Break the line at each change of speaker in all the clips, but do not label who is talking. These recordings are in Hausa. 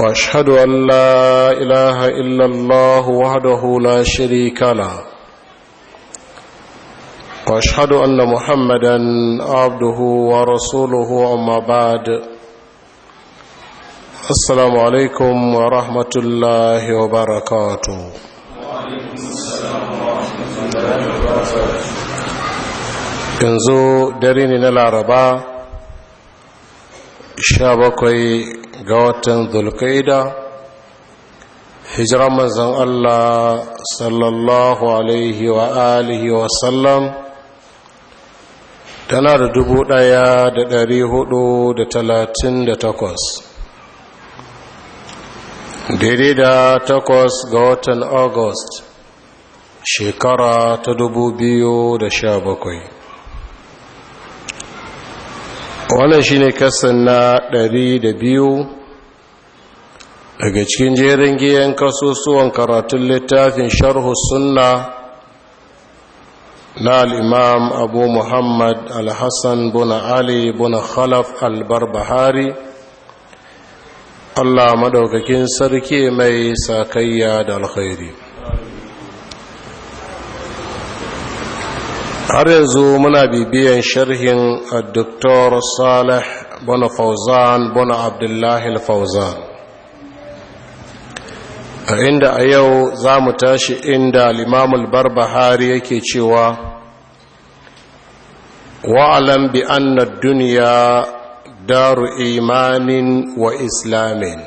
واشهد ان لا اله الا الله وحده لا شريك له واشهد ان محمدا عبده ورسوله اما بعد السلام عليكم ورحمه الله وبركاته وعليكم السلام ورحمه الله وبركاته yanzu dare ne na laraba 17 ga watan zulkaida hijira manzan Allah sallallahu alaihi wa alihi wa sallam tana da dubu ɗaya da dari hudu da talatin da takwas daidai da takwas ga watan august shekara ta dubu biyu da sha bakwai wannan shine kasan na biyu daga cikin jerin giyan kasusuwan karatun littafin sharhu sunna na al'imam abu muhammad al-hassan buna ali buna khalaf al-barbahari allah maɗaukakin sarki mai sakayya da alkhairi har yanzu muna bibiyan sharhin uh, dr salih bana fauzan bana abdullahi fauzan a inda a yau za mu tashi inda limamul barbahari yake cewa wa'alan bi anna duniya daru imanin wa islamin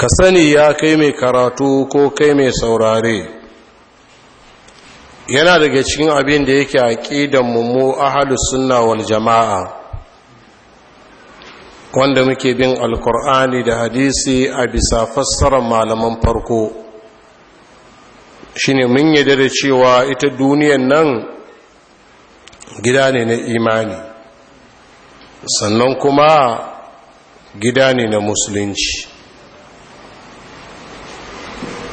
ka sani ya kai mai karatu ko kai mai saurare yana daga cikin abin da yake aqidan mu ahlus sunna wal jamaa wanda muke bin alkur'ani da hadisi a bisa fassarar malaman farko shine mun yadda da cewa ita duniyan nan gida ne na imani sannan kuma gida ne na musulunci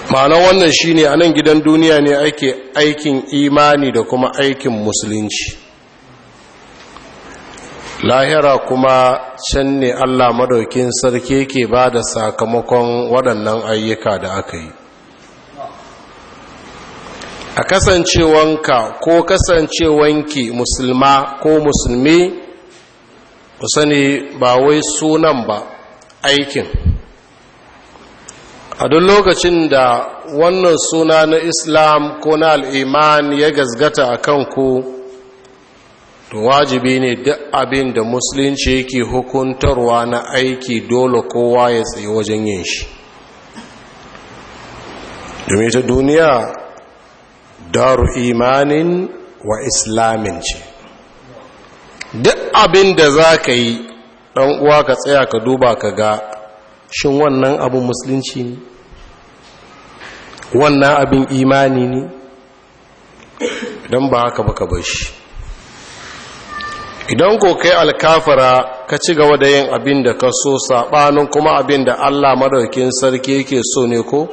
ma'anar wannan shine a nan gidan duniya ne ake aikin imani da kuma aikin musulunci lahira kuma can ne allah madaukin sarki ke ba da sakamakon waɗannan ayyuka da aka yi a kasancewanka ko kasancewanki musulma ko musulmi ku sani ba wai sunan ba aikin a duk lokacin da wannan suna na islam ko na al'iman ya gazgata a kanku to wajibi ne duk abin da musulunci yake hukuntarwa na aiki dole kowa ya tsaye wajen yin shi domin ta duniya daru imanin wa islamin ce duk abin da za ka yi ɗan uwa ka tsaya ka duba ka ga shin wannan abin musulunci ne wannan abin imani ne don ba haka baka bar shi idan ko kai alkafara ka ci gaba da yin abin da ka so saɓanin kuma abin da allah maraukin sarki yake so ne ko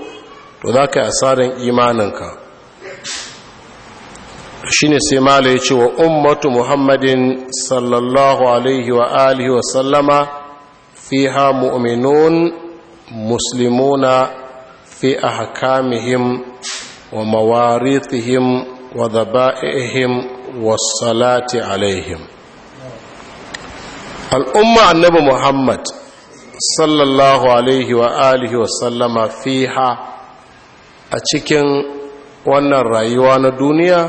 to za ka yi asarin imaninka shi ne sai mala cewa ummatu muhammadin sallallahu alaihi wa alihi wa sallama fiha mu'minun muslimuna fi ahkamihim wa mawarithihim wa dhaba'ihim wassalati alaihim al'umma annabi muhammad sallallahu alaihi wa alihi wa sallama fiha a cikin wannan rayuwa na duniya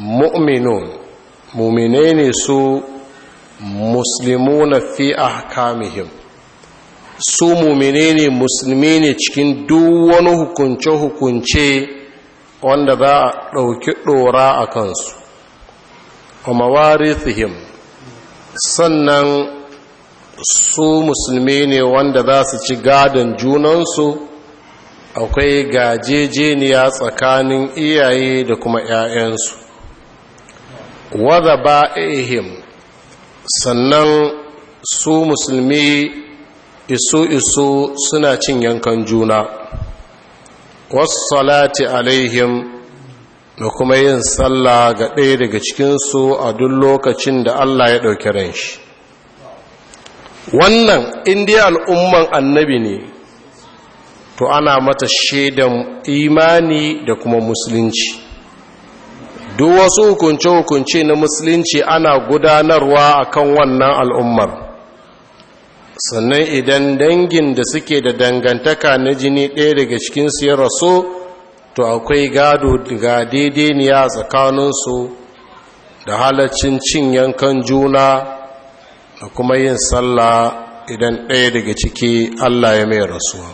mu'minun mumine ne su muslimuna fi ahkamihim su mumine ne musulmi ne cikin duk wani hukunce-hukunce wanda za a ɗauki ɗora a kansu umawarithihim sannan su musulmi ne wanda za su ci gadon junansu akwai gajejeniya tsakanin iyaye da kuma 'ya'yansu wadda ba'ihim sannan su musulmi isu-isu suna cin yankan juna wasu salati alaihim da kuma yin sallah ga ɗaya daga cikinsu a duk lokacin da Allah ya ɗauki ran shi wannan indiya al'umman annabi ne to ana mata shaidan imani da kuma musulunci duk wasu hukunce-hukunce na musulunci ana gudanarwa a kan wannan al'ummar sannan idan dangin da suke da dangantaka na jini ɗaya daga cikinsu ya rasu to akwai gado ga daidainiya tsakaninsu da halaccin cin yankan juna da kuma yin sallah idan ɗaya daga ciki allah ya mai rasuwa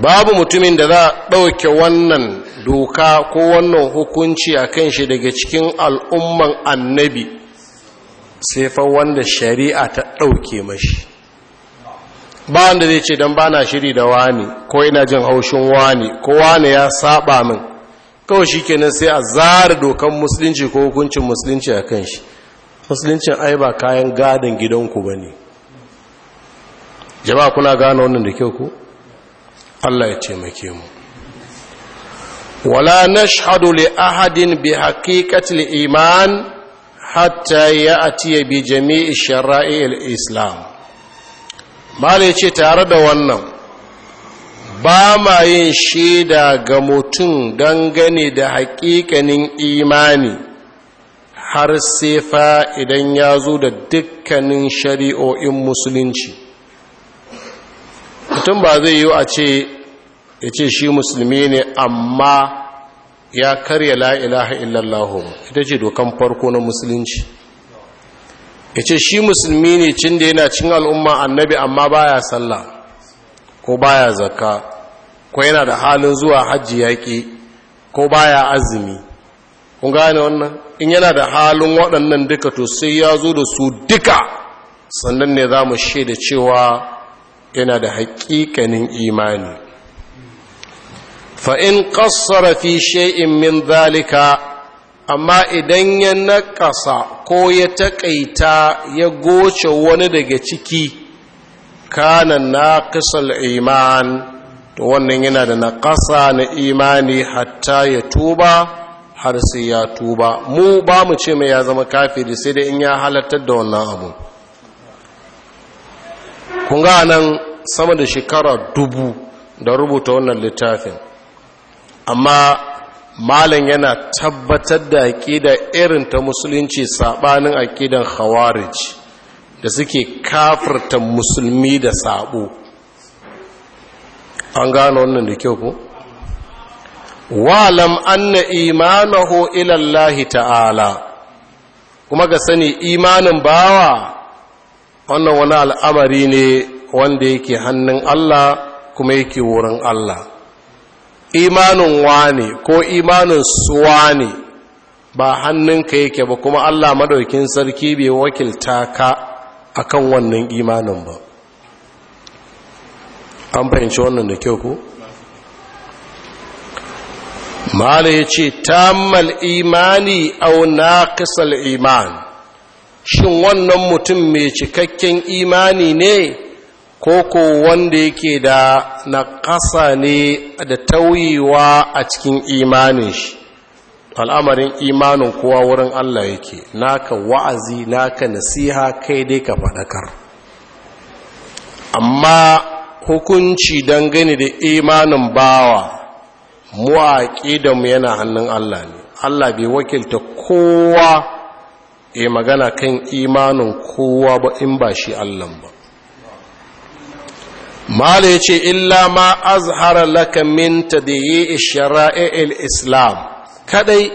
babu mutumin da za a ɗauke wannan doka ko wannan hukunci a kan shi daga cikin al'umman annabi sai fa wanda shari'a ta ɗauke mashi ba wanda zai ce don ba na shiri da wani ko ina jin haushin wani ko wani ya saba min kawai shi kenan sai a zara dokan musulunci ko hukuncin musulunci a kan shi musuluncin ai ba kayan gadin gidanku ba ne jama'a kuna gane wannan da kyau ku allah ya ce mu ولا نشهد لأحد بحقيقة الإيمان حتى يأتي بجميع شرائع الإسلام ما ليش تارد ونم ba ma yin shaida ga mutum dangane da hakikanin imani har sai fa idan ya zo da dukkanin shari'o'in musulunci mutum ba zai yi a ce ya ce shi musulmi ne amma ya karya la'ilaha illallahu ita ce dokan farko na musulunci ya ce shi musulmi ne cin da yana cin al'umma annabi amma baya sallah ko baya zakka ko yana da halin zuwa hajji yaƙi ko baya azumi kun gane wannan in yana da halin waɗannan duka to sai ya zo da su duka sannan ne za mu shaida cewa yana da haƙiƙanin imani fa'in ƙassara fi shay'in min zalika amma idan ya naƙasa ko ya taƙaita ya goce wani daga ciki kana naqisal iman to wannan yana da naƙasa na imani hatta ya tuba har sai ya tuba mu ba mu ce mai ya zama kafiri sai dai in ya halartar da wannan abu kun ga nan sama da shekara dubu da rubuta wannan littafin amma malam yana tabbatar da aƙida irin ta musulunci saɓanin aƙidan khawarij da suke kafirta musulmi da saɓo an gano wannan da kyau Wa walam anna imanahu ilallahi ta'ala kuma ga sani imanin bawa wannan wani al'amari ne wanda yake hannun Allah kuma yake wurin Allah imanin wane ko imanin suwa ne? ba hannunka yake ba kuma Allah madaukin sarki bai wakilta ka akan wannan imanin ba an fahimci wannan da kyau ko mala ya ce tammal imani au naqisal iman shin wannan mutum mai cikakken imani ne koko wanda yake da naƙasa ne da tauyewa a cikin imanin shi al'amarin imanin kowa wurin Allah yake naka wa'azi naka nasiha kai dai ka faɗakar amma hukunci gani da imanin bawa mu a mu yana hannun Allah ne Allah bai wakilta kowa ya magana kan imanin kowa ba in ba shi Allah ba mala ya ce illa ma azhara laka da yi ishara islam kadai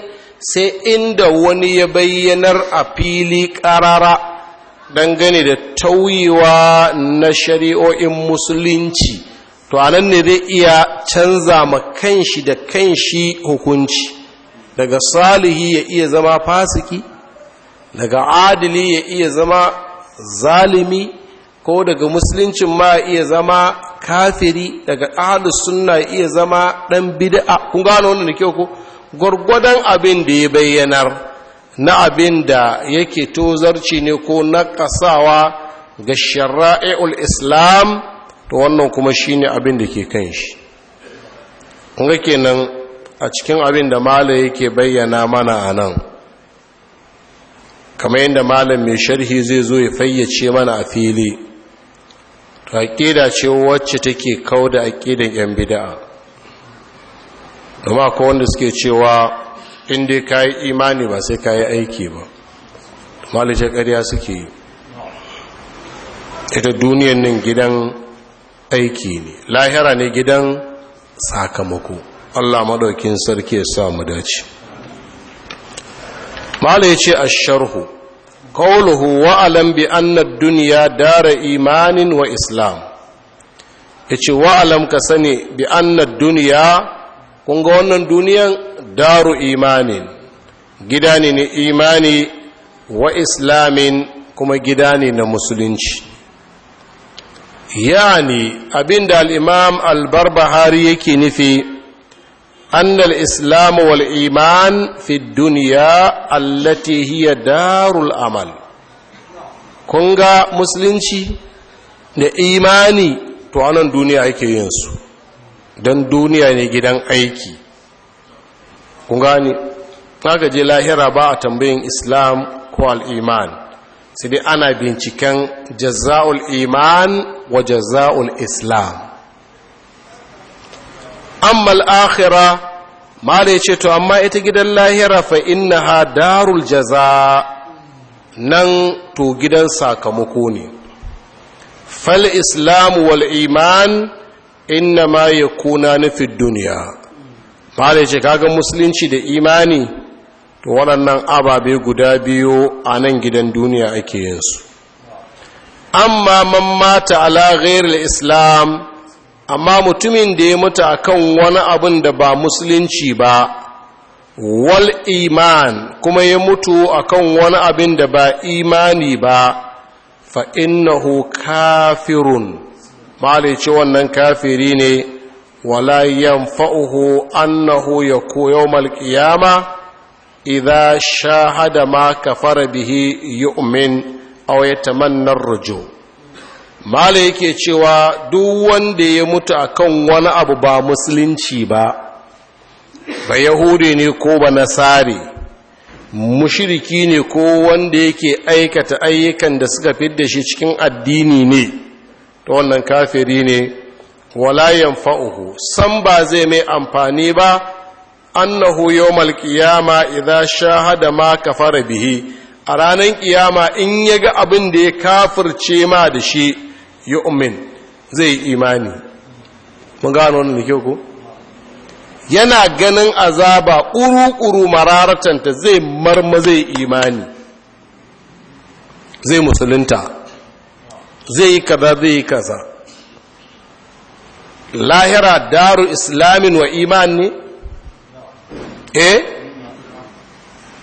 sai inda wani ya bayyanar a fili karara dangane da tauyewa na shari'o'in musulunci to anan ne zai iya canza ma kanshi da kanshi hukunci daga salihi ya iya zama fasiki daga adili ya iya zama zalimi ko daga musuluncin ma iya zama kafiri daga ahlus sunna iya zama dan bid'a kun gano wannan kyau ko gwargwadon abin da ya bayyanar na abin da yake tozarci ne ko na kasawa ga shara'i'ul islam to wannan kuma shine abin da ke kan shi kunga kenan a cikin abin da mala yake bayyana mana a nan kamar yadda malam mai sharhi zai zo ya fayyace mana a fili aƙida ce wacce take kau da aƙidan 'yan bida'a amma ko wanda suke cewa inda ka yi imani ba sai ka yi aiki ba malice ƙarya suke yi ita duniyan nan gidan aiki ne lahira ne gidan sakamako allah maɗaukin sarki ya samu dace malice a sharhu qawluhu wa alam bi anna ad dara imanin wa islam yace wa alam ka sani bi anna ad wannan duniyan daru imanin gida ne imani wa islamin kuma gida ne na musulunci yani abinda al-imam Buhari barbahari yake nufi أن الإسلام والإيمان في الدنيا التي هي دار الأمل كونغا مسلمشي da imani to anan duniya ake yin su don duniya ne gidan aiki kun gani kaga lahira ba a tambayin islam ko al-iman ana binciken jaza'ul iman wa jaza'ul islam al’akhira akhira da ya ce to amma ita gidan lahira fa ha darul jaza nan to gidan sakamako ne fal islam wal iman ma yakuna na fi duniya da ya ce kaga musulunci da imani to waɗannan ababe guda biyu a nan gidan duniya ake yinsu amma man mata ala ghairul islam amma mutumin da ya mutu a kan wani abin da ba musulunci ba wal iman kuma ya mutu a kan wani abin da ba imani ba fa innahu kafirun malice wannan kafiri ne wala yamfa'uhu annahu koyo yawmal qiyama sha hada ma kafara bihi yu'min a yatamanna ar rujo. mala yake cewa duk wanda ya mutu akan wani abu ba musulunci ba ba yahudi ne ko ba nasari mushiriki ne ko wanda yake aikata ayyukan da suka fidda shi cikin addini ne ta wannan kafiri ne wala fa’uhu san ba zai mai amfani ba annahu yawmal qiyama sha shahada ma ka fara bihi a ranar kiyama in ya ga abin da ya kafirce ma da shi yu'min zai imani mun gano wannan da kyau ko yana ganin azaba ƙuru-ƙuru mararatanta zai marma zai imani zai musulunta zai yi kaza zai yi kaza lahira daru islamin wa iman ne? eh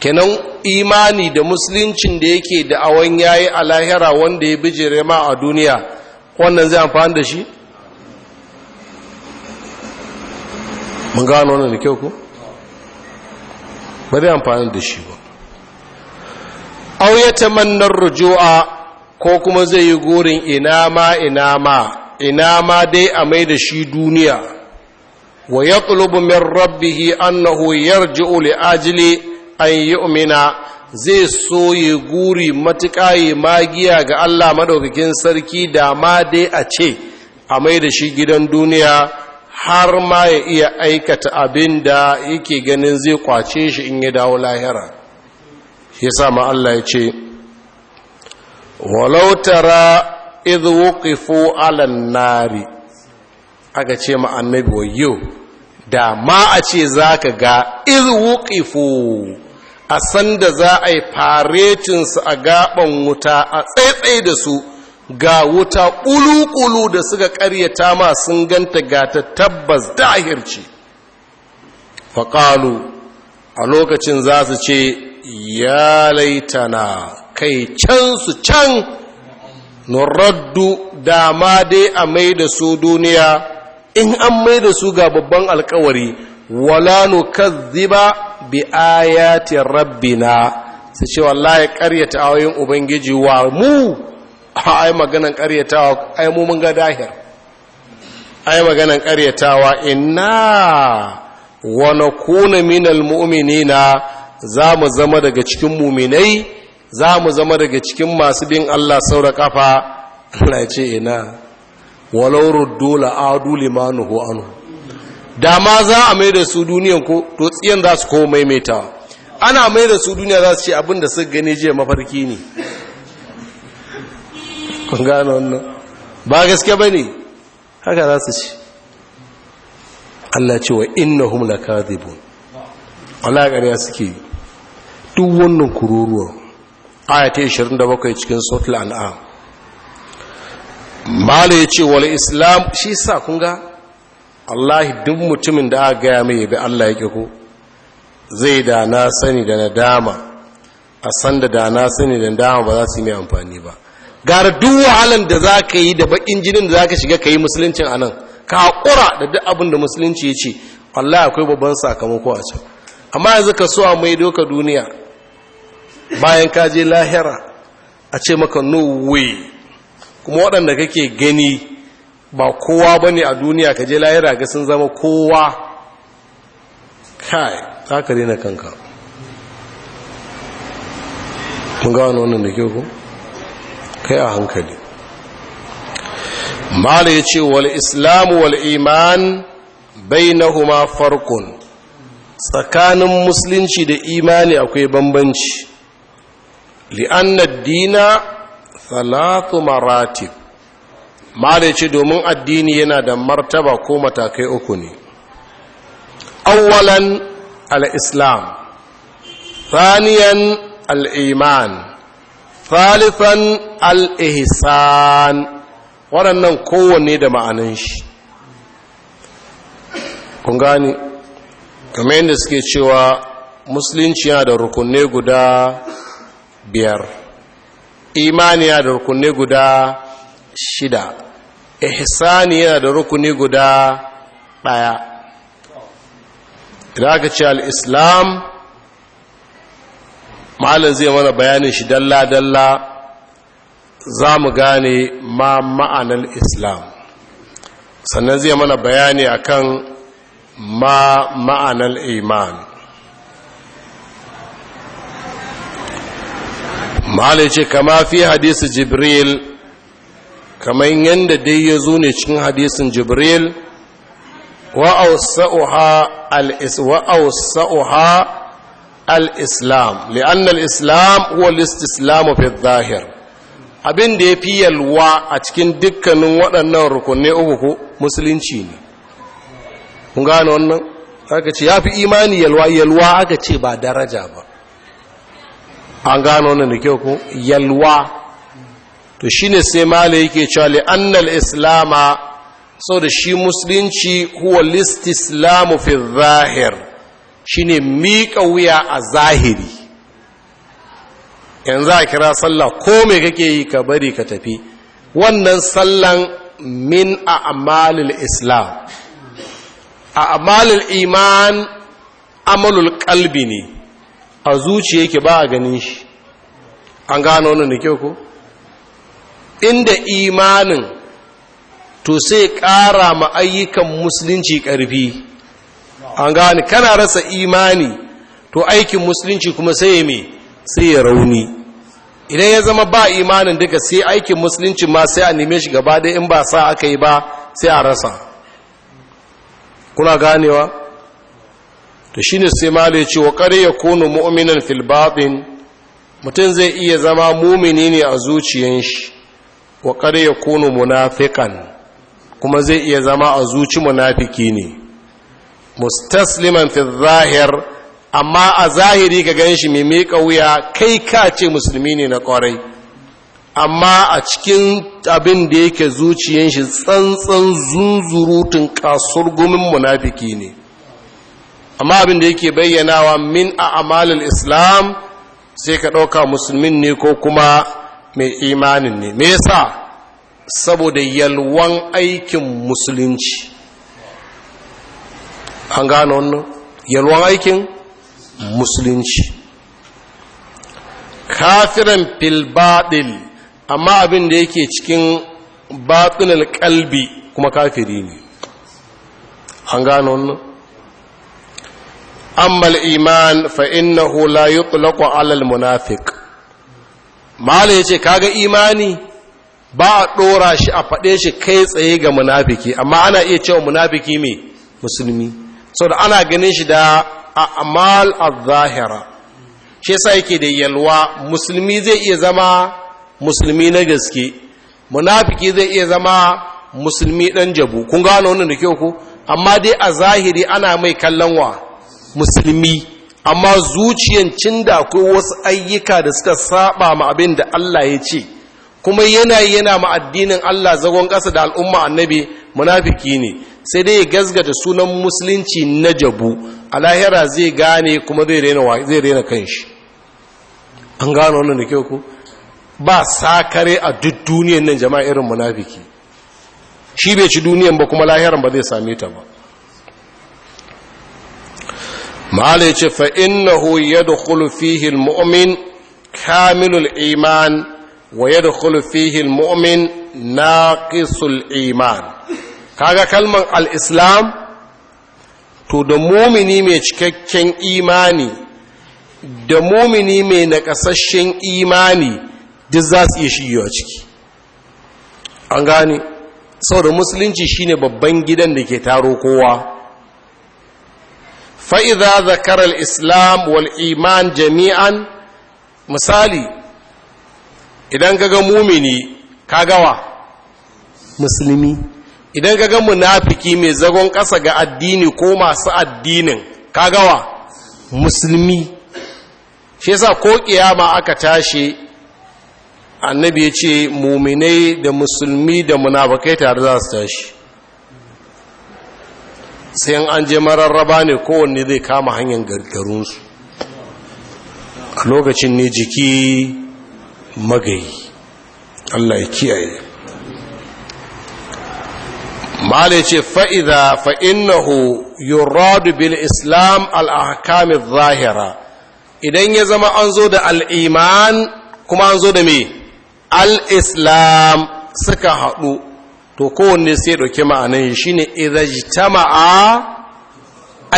kenan imani da musuluncin da yake da awon yayi a lahira wanda ya bijire ma a duniya wannan zai amfani da shi mun gano wannan da kyau ku ba zai amfani da shi ba Auyata ya tamannar rujua ko kuma zai yi gorin ina ma ina ma ina ma dai a mai da shi duniya wa ya min rabbihi annahu yarji'u li ajili an yi umina. zai so ya guri matuƙa yi magiya ga Allah maɗaukakin sarki da ma dai a ce a mai da shi gidan duniya har ma ya iya aikata abin da yake ganin zai kwace shi in ya dawo lahira shi ma Allah ya ce walau tara idh nari aka ce ma annabi wayyo da ma a ce za ka ga idu a sanda za a yi faretinsu a gaban wuta a tsaitsai da su ga wuta ƙulu-ƙulu da suka ƙaryata ma sun ganta ga ta tabbas dahirci faƙalu a lokacin za su ce ya laitana kai can su can nuraddu dama dai a mai da su duniya in an mai da su ga babban alkawari wala nukazziba bi ayati rabbina su ce wallahi karyata ayoyin ubangiji wa mu ai maganan karyatawa ai mu mun ga dahir ai maganan karyatawa inna wa nakuna minal mu'minina za mu zama daga cikin muminai za mu zama daga cikin masu bin Allah saura kafa Allah ya ce ina walau ruddu adu limanu anhu da ma za a mai da su duniyan ko to tsiyan za su kowa maimaitawa ana mai da su duniya za su ce abin da suka gani jiya mafarki ne kun gano wannan ba gaske ba ne haka za su ce Allah ce wa innahum lakadibun Allah ƙarya suke duk wannan kururuwa aya da 27 cikin suratul an'am mala yace wal islam shi sa kun ga Allah duk mutumin da aka gaya mai bi Allah ke ko zai da na sani da na dama a san da na sani da dama ba za su yi mai amfani ba gara duk wahalan da za ka yi da bakin jinin da za ka shiga ka yi musuluncin a nan ka haƙura da duk abin da musulunci ya ce Allah akwai babban sakamako a can amma yanzu ka so a mai doka duniya bayan ka je lahira a ce maka no way kuma waɗanda kake gani ba kowa ba a duniya ka je layira ga sun zama kowa kai za ka rena kanka ga wani wannan da ke ku? kai a hankali mala ya ce wal islamu wal iman bai na huma farkon tsakanin musulunci da imani akwai bambanci li'annar dina salatu maratib mara ce domin addini yana da martaba ko matakai uku ne awwalan al-islam thaniyan al-iman thalifan al-ihsan waɗannan kowanne da ma'anin shi kun gani kamar yadda suke cewa musulunci yana da rukunne guda biyar imani yana da rukunne guda shida ihsani yana da rukuni guda ɗaya idan aka ce al'islam malin zai mana bayanin shi dalla-dalla za mu gane ma ma'anar islam sannan zai mana bayani akan ma ma'anar iman malin ce kama fi hadisi jibril kamar yadda dai ya zo ne cikin hadisin jibril wa'ausa'uha al'islam li'an al'islam wal-istislamu fi zahir abin da ya fi yalwa a cikin dukkanin waɗannan rukunne uku musulunci ne kun gane wannan aka ce ya fi imani yalwa yalwa aka ce ba daraja ba an gano wannan da kyau ko yalwa to shi ne sai mala yake cewa annal islama da shi musulunci huwa Islamu fi zahir ne miƙa wuya a zahiri yanzu a kira sallah ko mai kake yi ka bari ka tafi wannan sallan min a amalil islam a amalil iman amalul kalbi ne a zuciya ke ba a ganin shi an gano wani da kyau ko inda imanin to sai ƙara ma ayyukan musulunci ƙarfi an gane kana rasa imani to aikin musulunci kuma sai ya mai sai ya rauni idan ya zama ba imanin duka sai aikin musulunci ma sai a neme shi gaba da in ba sa aka yi ba sai a rasa kuna ganewa to ne sai male ce wa kare ya kono mu'minan filbabin, mutum zai iya zama mumini ne a zuciyan shi wa kada ya kunu munafikan kuma zai iya zama a zuci munafiki ne mustasliman fi zahir amma a zahiri ka gan shi mai wuya kai ka ce musulmi ne na kwarai. amma a cikin abin da yake zuciyan shi tsantsan zuzurutun kasur gumin munafiki ne amma abin da yake bayyanawa min a amalin islam sai ka ɗauka musulmin ne ko kuma mai imanin ne me yasa saboda yalwan aikin musulunci an gano wannan yalwan aikin musulunci kafiran filbaɗil amma abin da yake cikin baɗinal kalbi kuma kafiri ne an gano wannan amma iman fa innahu la yutlaqu alal al mala ya ce kaga imani ba a ɗora shi a faɗe shi kai tsaye ga munafiki amma ana iya cewa munafiki mai musulmi sau da ana ganin shi da a'mal al-zahira shi yasa yake da yalwa musulmi zai iya zama musulmi na gaske munafiki zai iya zama musulmi ɗan jabu kun gano wannan da kyau ku amma dai a zahiri ana mai kallon wa musulmi amma zuciyan cin da akwai wasu ayyuka da suka saba ma abin da Allah ya ce kuma yana yana ma addinin Allah zagon ƙasa da al'umma annabi munafiki ne sai dai ya gazgata sunan musulunci na jabu a lahira zai gane kuma zai rena kanshi an gano wannan da kyau ku ba sakare a duk duniyar nan jama'a irin munafiki shi bai ci duniyar ba kuma lahiran ba zai same ta ba malai ce fa innahu yadkhulu fihi almu'min kamilul iman wa yadkhulu fihi almu'min naqisul iman kaga kalman al-islam to da mumini mai cikakken imani da mumini mai nakasashen imani duk za su iya shigewa ciki an gane saboda musulunci shine babban gidan da ke taro kowa fa'iza zakarar islam wal iman jami'an misali idan gaga mumini kagawa musulmi idan gaga munafiki mai zagon ƙasa ga addini ko masu addinin kagawa musulmi shi yasa ko kiyama aka tashi annabi ya ce muminai da musulmi da munafakai tare za su tashi sai an je mararraba ne kowanne zai kama hanyar gargarunsu a lokacin ne jiki magayi Allah ya kiyaye malai ce fa'iza fa'innahu yurradu bil islam al'akamin zahira idan ya zama an zo da al'iman kuma an zo da me al'islam suka haɗu to kowanne sai ɗauke ma'anan shi ne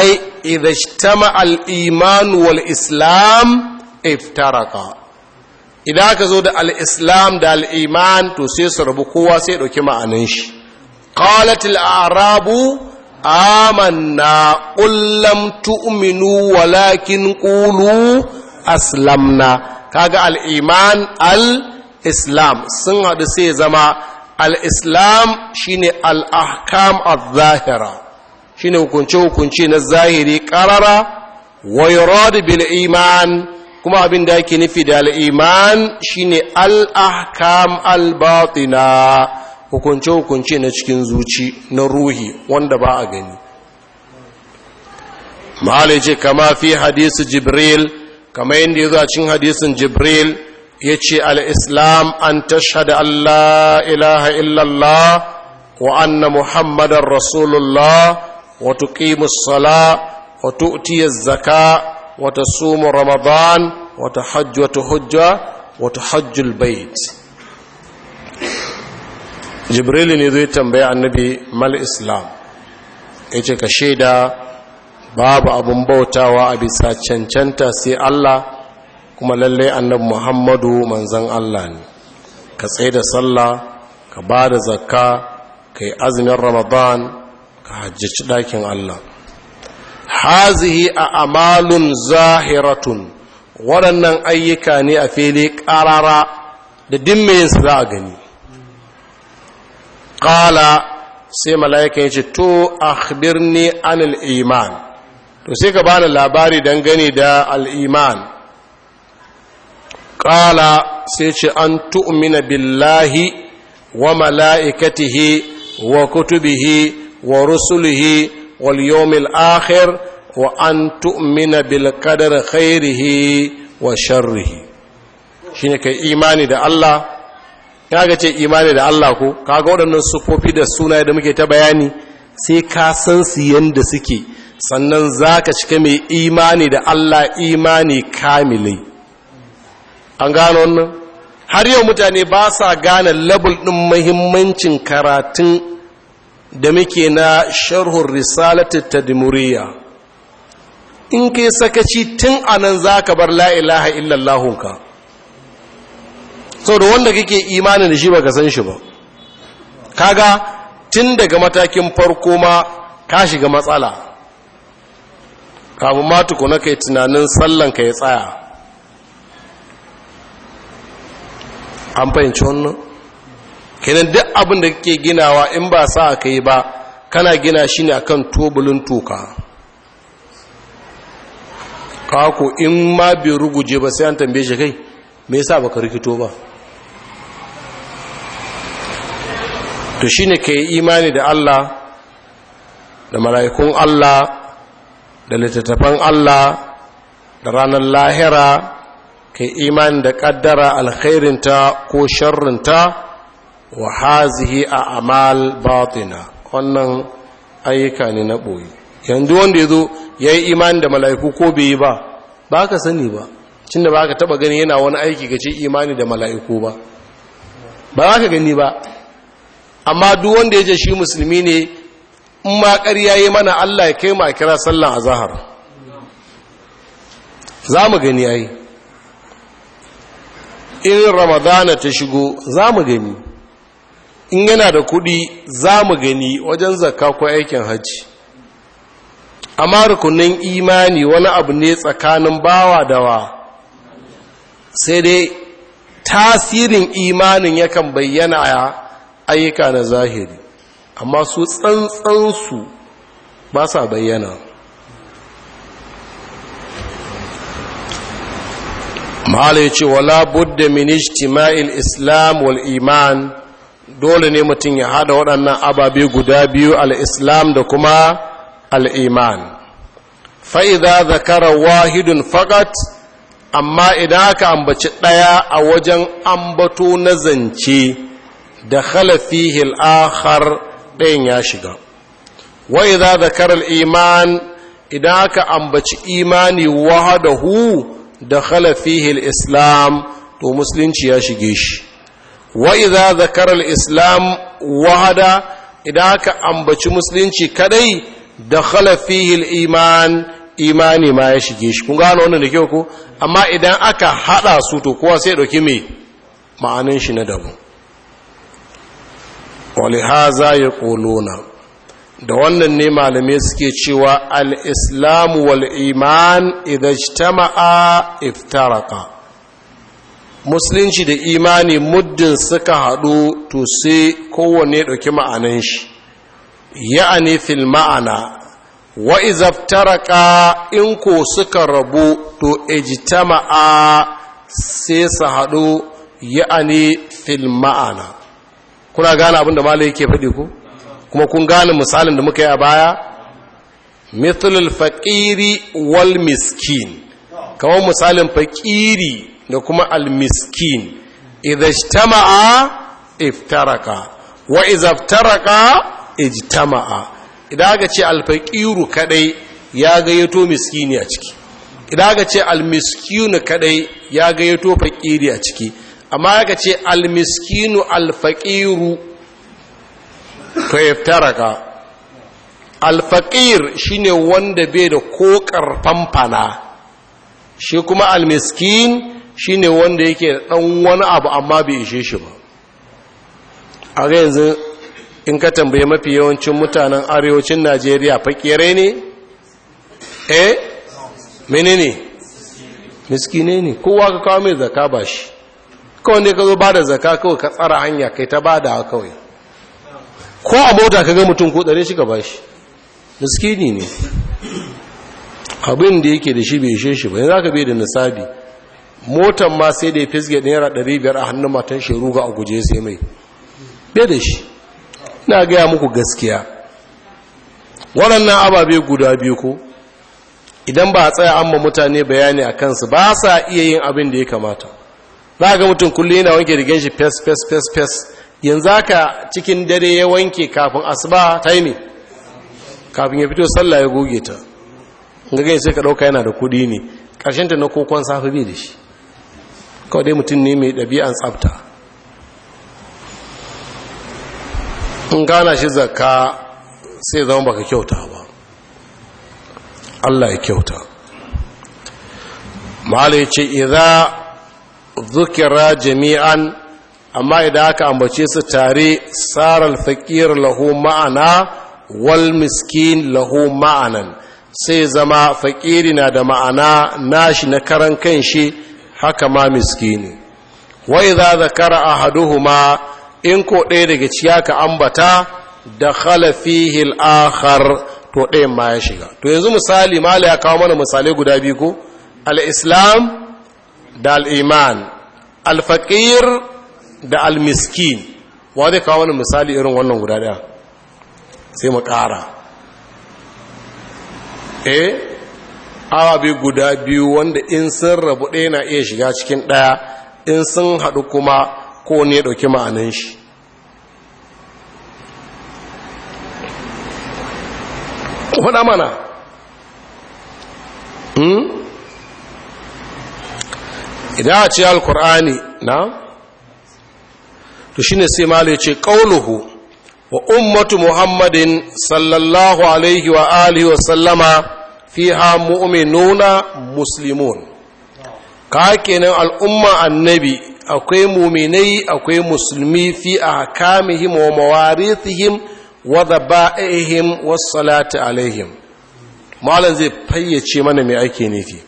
ai idajtama al-iman iftaraka idan aka zo da al'islam da al'iman, to sai su rabu kowa sai ɗauki ma'anan shi qalatil arabu amanna qul tu'minu walakin ƙulu aslamna kaga aliman al’islam al sun haɗu sai zama Al'islam shi ne al-ahkam shi ne shine hukunce-hukunce na zahiri karara wa bil iman kuma abin da yake nufi da al’iman iman shine alahkam albatina hukunce-hukunce na cikin zuci na ruhi wanda ba a gani mahalin ce kama fi hadisi jibril kama yadda ya zo a cin hadisin jibril ya ce al'islam an tashhada Allah ilaha illallah wa anna muhammadan rasulullah wa tuqimus sala wa tu'tiyaz zaka wa tasumu ramadan wa tahajju wa tuhajja wa tuhajjul bait jibril ne zai tambaya annabi mal islam yace ka shaida babu abun bautawa a bisa cancanta sai Allah kuma lalle annabi muhammadu manzan allah ne ka tsaye da sallah ka ba da zakka ka yi azumin ramadan ka hajjaci ɗakin allah hazihi a amalun zahiratun waɗannan ayyuka ne a fili ƙarara da dimmayinsu za a gani ƙala sai mala'ika ya ce to akhbirni anil iman to sai ka bani labari dangane da al'iman ƙala sai ce an tu'mina billahi wa mala'ikatihi wa kutubihi wa rusulihi wal ahir, akhir wa an tu'mina bil khairihi wa sharrihi shine kai imani da Allah kaga ce imani da Allah ko kaga waɗannan sufofi da suna da muke ta bayani sai ka san su yanda suke sannan zaka cika mai imani da Allah imani kamilai an gano wannan har yau mutane ba sa gane labul ɗin mahimmancin karatun da muke na sharhun risalatul tadmuriya in kai sakaci tun anan za ka bar la'ilaha illallahunka sau da wanda kake imani da shi baka san shi ba kaga tun daga matakin farko ma ka shiga matsala kafin matuku na kai tunanin sallan ka ya tsaya an fahimci wannan kenan duk abin da kake ginawa in ba sa aka yi ba kana gina shi ne akan tobulin toka kako in ma bai ruguje ba sai an tambaye shi kai me yasa baka rikito ba to shine ka yi imani da Allah da mala'ikun Allah da littattafan Allah da ranar lahira kai iman da kaddara alkhairinta ko sharrinta wa hazihi a amal batina wannan ayyuka ne na ɓoye yanzu wanda ya zo ya yi iman da mala'iku ko bai yi ba ba ka sani ba cin da ba ka taɓa gani yana wani aiki ga ce imani da mala'iku ba ba za ka gani ba amma duk wanda ya je shi musulmi ne in ma ƙarya yi mana allah ya kai ma kira sallan a zahar za mu gani ai in ramadana ta shigo za mu gani in yana da kuɗi za mu gani wajen zakka ko aikin hajji amma rukunin imani wani abu ne tsakanin bawa dawa sai dai tasirin imanin yakan bayyana a ayyuka na zahiri amma su tsantsansu ba sa bayyana mahala ce wala buddha min ijtima'il islam wal iman dole ne mutum ya hada waɗannan ababe guda biyu al-islam da kuma al-iman fa'iza zakara wahidun fagat amma idan aka ambaci ɗaya a wajen ambato na zance da khalafihi hil'ahar ɗayan ya shiga wa'iza zakara al'iman idan aka ambaci imani wahadahu da fihi islam to musulunci ya shige shi wa idza zakara islam wahada idan aka ambaci musulunci kadai da fihi iman imani ma ya shige shi kun gano wannan da kyau ko amma idan aka hada su to kowa sai dauki me ma'anin shi na daban ولهذا يقولون da wannan ne malamai suke cewa al'islamu wal'iman idajtama'a iftaraka musulunci da imani muddin suka haɗu to sai kowanne ɗauki ma'anan shi ya'ani fil ma'ana wa izaftaraka in ko suka rabu to ijtama'a sai su haɗu ya'ani fil ma'ana kuna gane abinda malai ke faɗi ku? kuma kun gane misalin da muka yi a baya mithlul faqiri wal miskin kawai misalin faqiri da kuma al miskin idza iftaraka wa idza ijtama'a idan aka ce al faqiru kadai ya gayyato miskini a ciki idan aka ce al miskinu kadai ya gayyato faqiri a ciki amma aka ce al miskinu al faqiru Ka iftaraka shi ne wanda bai da ko famfana shi kuma almiskin ne wanda yake ɗan wani abu amma bai ishe shi ba a ga yanzu in ka tambaye mafi yawancin mutanen arewacin Najeriya faƙire ne eh ne? miskine ne kowa ka kawo mai zaka ba shi kawai ne ka zo ba da zaka kawai ka tsara hanya kai ta ba da kawai ko a mota ka ga mutum ko dare shi ka bashi miskini ne abin da yake da shi bai ishe shi ba yanzu ka bai da nisabi motan ma sai da ya fisge naira biyar a hannun matan shiru ga a guje sai mai bai da shi ina gaya muku gaskiya waɗannan ababe guda biyu ko idan ba a tsaya an ma mutane bayani a kansu ba sa iya yin abin da ya kamata za ga mutum kullum yana wanke rigen shi fes fes fes fes yanzu haka cikin dare ya wanke kafin asuba ta yi kafin ya fito sallah ya goge ta gaga sai ka ɗauka yana da kuɗi ne Karshenta na kokon safi bai da shi kawai dai mutum ne mai ɗabi'an tsafta in gana shi zakka sai zama baka kyauta ba Allah ya kyauta ma'ala ya ce idan zukira jami'an amma idan aka ambace su tare saral faƙir lahu ma'ana wal miskin lahu ma'anan sai zama faƙiri na da ma'ana nashi na karan kanshi haka ma miskini wa a zakara ahaduhuma in ko ɗaya daga ciya ka ambata da khalafihi al-akhar to ɗayan ma ya shiga to yanzu misali mali ya kawo mana misalai guda biyu ko al-islam da al-iman al-faqir da almiskin wa zai kawo wani misali irin wannan guda daya sai mu kara eh awabi guda biyu wanda in sun rabu ɗaya na iya shiga cikin ɗaya in sun haɗu kuma ko ne ɗauki ma'anin shi faɗa mana hmm? idan a ce alkur'ani na to shine sai malai ce qauluhu wa ummatu muhammadin sallallahu alaihi wa alihi wa sallama fiha mu'minuna muslimun ka kenan al'umma annabi akwai muminai akwai musulmi fi ahkamihim wa mawarithihim wa dhaba'ihim was salatu alaihim malam zai fayyace mana me ake nufi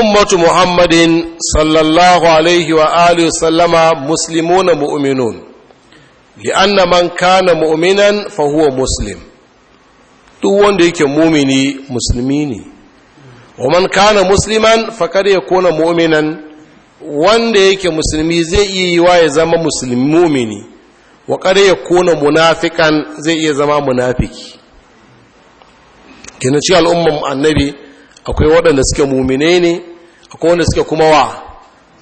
ummatu muhammadin sallallahu alaihi wa alihi sallama muslimuna mu'minun li'anna man kana mu'minan fa huwa muslim duk wanda yake mumini musulmi ne wa man kana musliman faqad yakuna mu'minan wanda yake musulmi zai iya yi ya zama musulmi mumini wa qad yakuna munafiqan zai iya zama munafiki kina ce annabi akwai waɗanda suke mumine ne akwai wanda suke kuma wa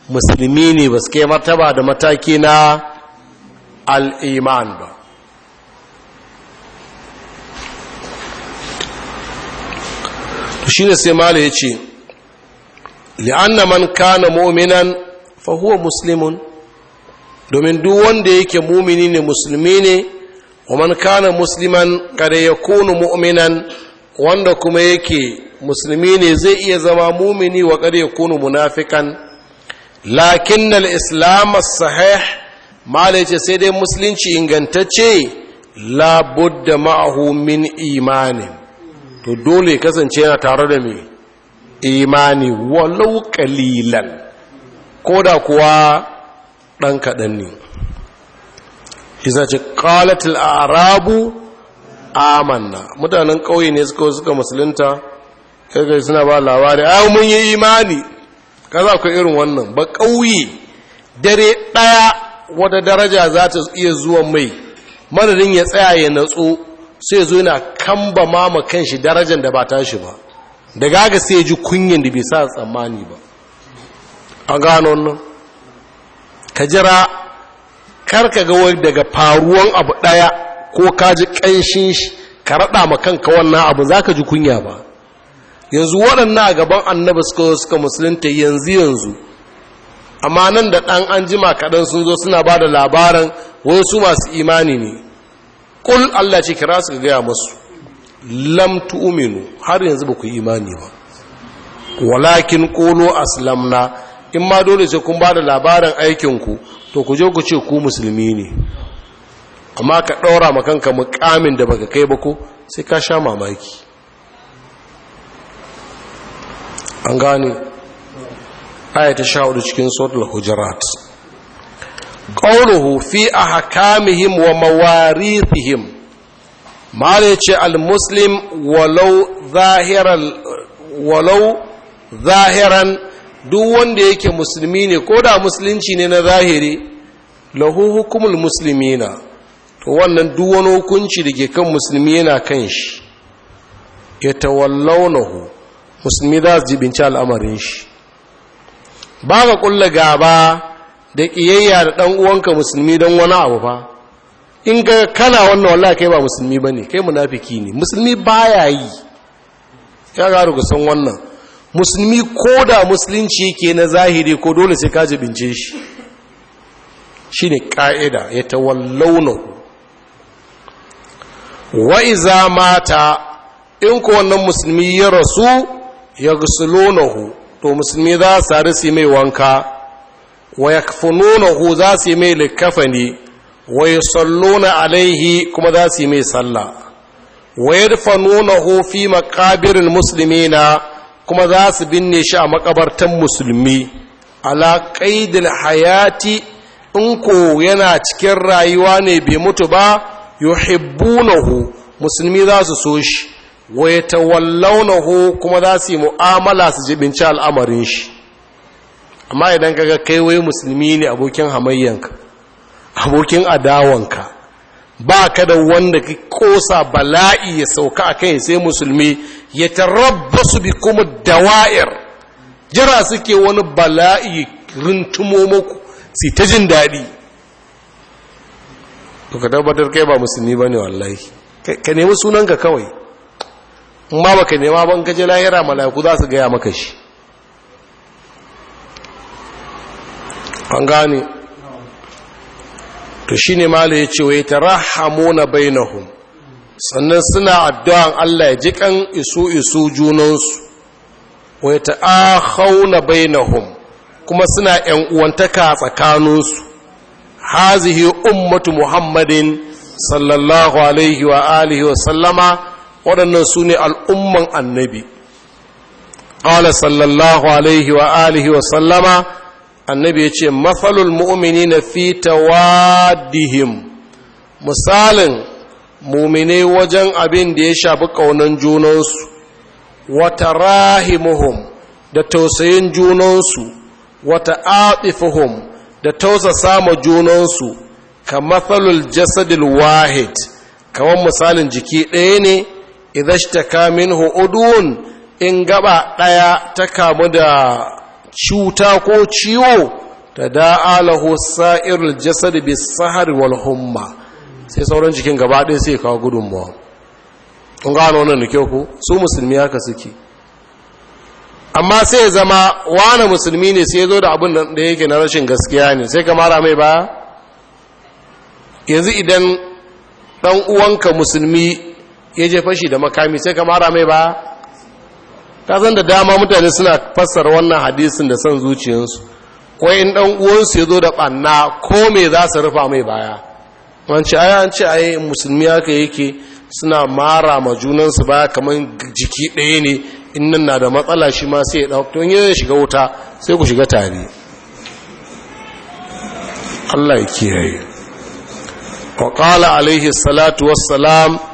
musulmi ne ba su kai martaba da mataki na al'iman ba shi ne sai mala ya ce li'anna man kana mominan fa huwa domin duk wanda yake mumini ne musulmi ne wa man kana musulman kada ya kunu mu'minan wanda kuma yake musulmi ne zai iya zama mumini wa kare kunu munafikan lakin al-islam sahih malai ce sai dai musulunci ingantacce la budda ma'ahu min imani to dole kasance yana tare da mai imani walau kalilan koda kuwa ɗan kaɗan ne isa ce arabu amanna mutanen ƙauye ne suka suka musulunta kai suna ba labari ai mun yi imani kaza ku irin wannan ba kauye dare daya wata daraja za ta iya zuwa mai madadin ya tsaya ya natsu sai zo yana kamba mama kanshi darajar da ba ta shi ba daga ga sai ji kunyin da bai sa tsammani ba a gano nan ka jira karka ga wani daga faruwan abu daya ko ka ji kanshin shi ka rada ma kanka wannan abu za ka ji kunya ba yanzu waɗannan a gaban annabi suka zo suka musulunta yanzu yanzu amma nan da ɗan an jima kaɗan sun zo suna ba da labaran wasu su masu imani ne ƙul allah ce kira su gaya masu lam tu'minu har yanzu ba ku yi imani ba walakin ƙolo aslamna in ma dole sai kun ba da labarin aikinku to ku je ku ce ku musulmi ne amma ka ɗaura makanka mukamin da baka kai ba ko sai ka sha mamaki an gane ayyata sha hudu cikin sautul hujurat ƙaunuhu fi a hakamihim wa mawarithihim mara ce al-muslim walau zahiran duk wanda yake musulmi ne ko da musulunci ne na zahiri lahu hukumul musulmina to wannan duk wani hukunci da ke kan musulmi yana kan shi ya tawallaunahu musulmi za su jibinci al'amarin shi ba ka ƙulla gaba da ƙiyayya da ɗan uwanka musulmi don wani abu ba in ga kana wannan wallah kai ba musulmi ba ne kai munafiki ne musulmi ba ya yi ya garu ga san wannan musulmi ko da musulunci ke na zahiri ko dole sai ka jibince shi shi ne ƙa'ida ya tawallaunahu wa mata in ko wannan musulmi ya rasu ya to musulmi za su haru su mai wanka wa ya za su mai likafani wa ya alaihi kuma za su mai sallah wa ya fi makabirin musulmi na kuma za su binne shi a makabartan musulmi ala qaidil hayati in ko yana cikin rayuwa ne bai mutu ba yuhibbunahu musulmi za su so shi wa ya tawallaunahu kuma za su yi mu'amala su jibinci al'amarin shi amma idan kaga kai wai musulmi ne abokin hamayyanka abokin adawanka ba ka da wanda ka kosa bala'i ya sauka a kai sai musulmi ya su bi kuma dawa'ir jira suke wani bala'i rintumo muku su ta jin daɗi ka tabbatar kai ba musulmi ba ne wallahi ka nemi sunanka kawai in ma baka nema ban gaje lahira mala'iku za su gaya maka shi an gane to shine mala yace wa na bainahum sannan suna addu'an Allah ya ji kan isu isu junansu Wai wa yata'akhawna bainahum kuma suna ‘yan uwantaka tsakaninsu, hazihi ummatu Muhammadin sallallahu Alaihi wa alihi wa sallama waɗannan su ne al'umman annabi ƙala sallallahu alaihi wa alihi wa sallama annabi ya ce mafalul mu'mini na fi tawadihim misalin mumine wajen abin da ya shafi ƙaunan junansu wata rahimuhum da tausayin junansu wata aɗifuhum da tausasa ma junansu ka mafalul jasadil wahid kamar misalin jiki ɗaya ne idhashtaka minhu udun in gaba daya ta kamu da cuta ko ciwo ta lahu sa'irul jasad bi sahar wal humma sai sauran jikin gaba ɗaya sai kawo gudunmuwa kun ga wannan da kyau ku su musulmi haka suke amma sai zama wani musulmi ne sai zo da abin da yake na rashin gaskiya ne sai ka mara mai ba yanzu idan dan uwanka musulmi ya je fashi da makami sai ka mara mai ba Ta san da dama mutane suna fassara wannan hadisin da son zuciyarsu wai in dan uwansu ya zo da banna ko me za su rufa mai baya wance ai an ce ai musulmi haka yake suna mara ma junansu baya kamar jiki ɗaya ne in nan na da matsala shi ma sai ya ɗauka to ya shiga wuta sai ku shiga tare Allah ya kiyaye wa alaihi salatu wassalam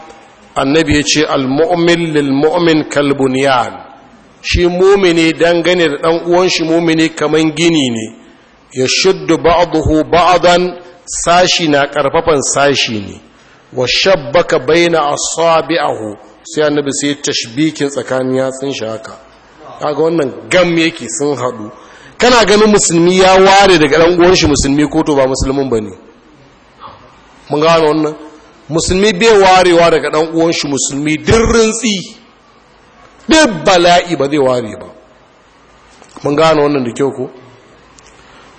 annabi ya ce al-mu'min lil-mu'min kalbuniyan shi mumini dangane da ɗan uwan shi mumini kaman gini ne ya shuddu ba'dahu ba'dan sashi na karfafan sashi ne wa shabbaka baina asabi'ahu sai annabi sai tashbikin tsakanin yatsun shi haka kaga wannan gam yake sun hadu kana ganin musulmi ya ware daga ɗan uwan shi musulmi ko to ba musulmin bane mun gano wannan musulmi bai warewa daga ɗan uwan shi musulmi din rintsi duk bala'i ba zai ware ba mun gane wannan da kyau ko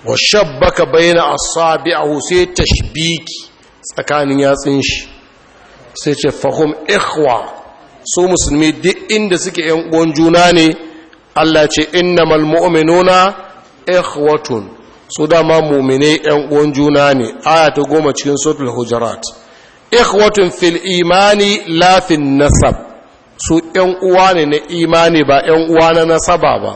wa shabbaka bayna asabi'ahu sai tashbiki tsakanin yatsin shi sai ce fahum ikhwa so musulmi duk inda suke yan uwan juna ne Allah ce innamal mu'minuna ikhwatun su dama mu'mine yan uwan juna ne aya ta goma cikin suratul hujurat ikhwatun fil imani lafin nasab su ‘yan uwa ne na imani ba ‘yan uwa na nasaba ba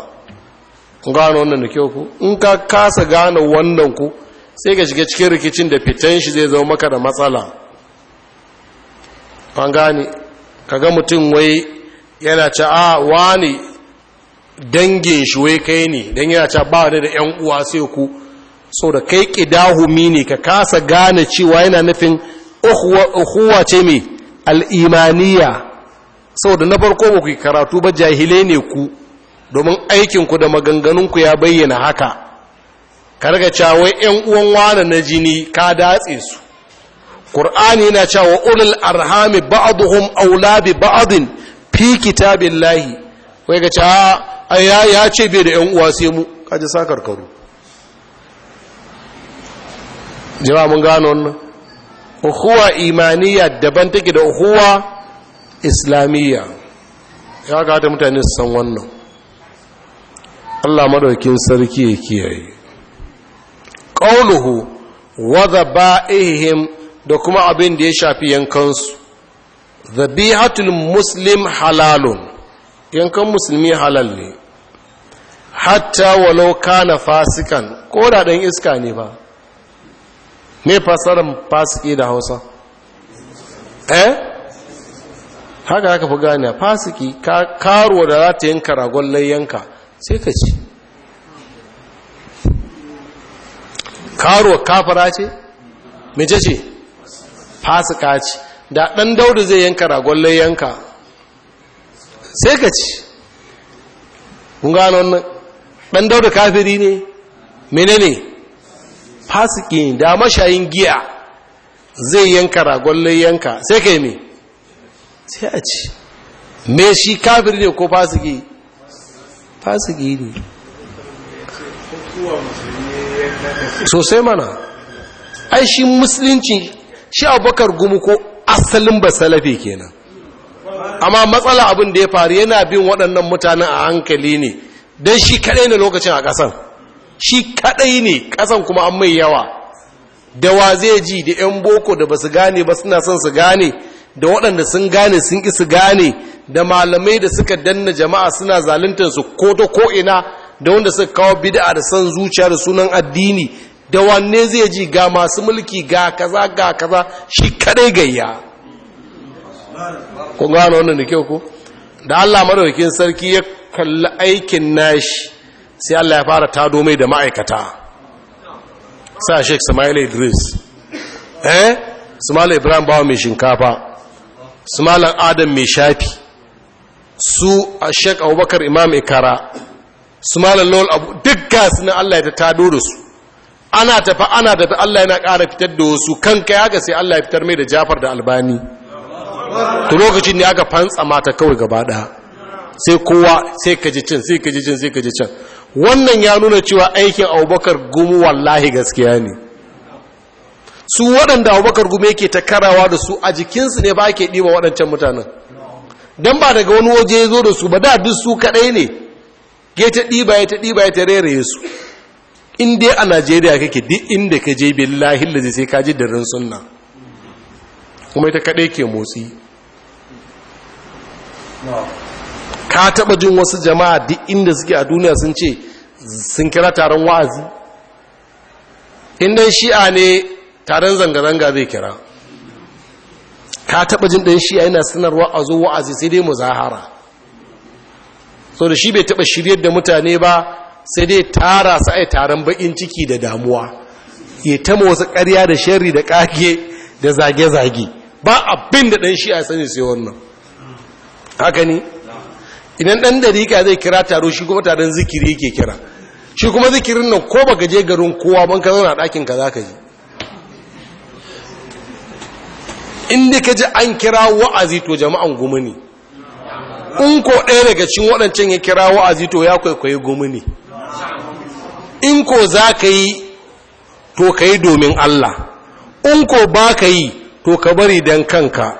gano wannan da kyau ku in ka kasa gane wannan ku sai ka shiga cikin rikicin da fitan shi zai zama maka da matsala an gane kaga mutum wai yana ce a wani dangin shi wai kai ne don yana ce ba wani da ‘yan uwa sai ku so da kai ƙidahumi ne ka kasa gane cewa yana nufin Uhuwa ce mai al'imaniya saboda na farko ba ku yi karatu ba jahilai ne ku domin aikinku da maganganunku ya bayyana haka karga cewa ‘yan uwan wane na jini ka datse su ƙur'ani na cewa ulul arhami ba'aduhum aulabi bi ba'adin fi kitabin lahi wai ga cewa ah, ya ce bai da ‘yan uwa sai mu kaji sa karkaru jira mun gano wannan uhuwa imaniya daban take da uhuwa islamiyya ya gata mutane su san wannan Allah madaukin sarki ya kiyaye qauluhu wa da kuma abin da ya shafi yankansu dhabihatul muslim halalun yankan musulmi halal ne hatta walau kana fasikan ko da dan iska ne ba ne fasarar fasiki da hausa eh haka haka fi gane fasiki karuwa da za ta yanka ragon layyanka sai ka ci karuwa kafara ce mace ce fasika ce da ɗan daudu zai yanka ragon layyanka sai ka ci kun gano wannan ɗan daudu kafiri ne menene ne fasiki da mashayin giya zai yanka ragon yanka sai ka yi mai sai a ci me shi kafir ne ko fasiki fasiki ne sosai mana ai musulunci shi abubakar gumu ko asalin salafi kenan amma matsala abin da ya faru yana bin waɗannan mutanen a hankali ne don shi kaɗai ne lokacin a ƙasan shi kadai ne kasan kuma an mai yawa da wa zai ji da 'yan boko da ba su gane ba suna son su gane da waɗanda sun gane sun su gane da malamai da suka danna jama'a suna zaluntar su ko ta ko'ina da wanda suka kawo bid'a da son zuciya da sunan addini da wanne zai ji ga masu mulki ga kaza ga kaza shi kadai gayya Ko gano wannan da kyau ko da Allah madaukakin sarki ya kalli aikin nashi sai Allah ya fara tado mai da ma'aikata sa Sheikh Ismail Idris eh Ismail Ibrahim bawa mai shinkafa Ismail Adam mai shafi su Sheikh Abubakar Imam Ikara Ismail Lol Abu duk su na Allah ya tado da su ana tafi ana tafi Allah yana ƙara fitar da wasu kanka ya ga sai Allah ya fitar mai da Jafar da Albani to lokacin ne aka fantsa mata kawai gaba sai kowa sai kaji cin sai kaji cin sai kaji cin wannan ya nuna cewa aikin abubakar gumu wallahi gaskiya ne su waɗanda abubakar gumu yake ta karawa da su a jikinsu ne ba ke ɗiba waɗancan mutanen don ba daga wani waje ya zo da su ba da duk su kaɗai ne ya ta ɗiba ya ta ɗiba ya ta rere su in dai a najeriya kake duk inda ka je billahi da sai ka ji darin sunna kuma ita kaɗai ke motsi ka taba jin wasu jama'a duk inda suke a duniya sun ce sun kira taron wa'azi inda shi'a ne taron zanga-zanga zai kira ka taba jin ɗan shi'a yana sanarwa a wa'azi sai dai mu zahara? so da shi bai taba shiryar da mutane ba sai dai tara su ai taron bakin ciki da damuwa ya tama wasu karya da sharri da ƙage da zage-zage ba abin da ɗan shi'a sani sai wannan haka ne idan ɗan dariƙa zai kira taro shi kuma taron zikiri yake kira shi kuma zikirin nan ko baka je garin kowa ban ka zauna ɗakin ka za ka inda ka ji an kira wa'azi to jama'an gumuni in ko ɗaya daga cin waɗancan ya kira wa'azi to ya kwaikwayi gumuni in ko za ka yi to ka yi domin Allah in ko ba ka yi to ka bari don kanka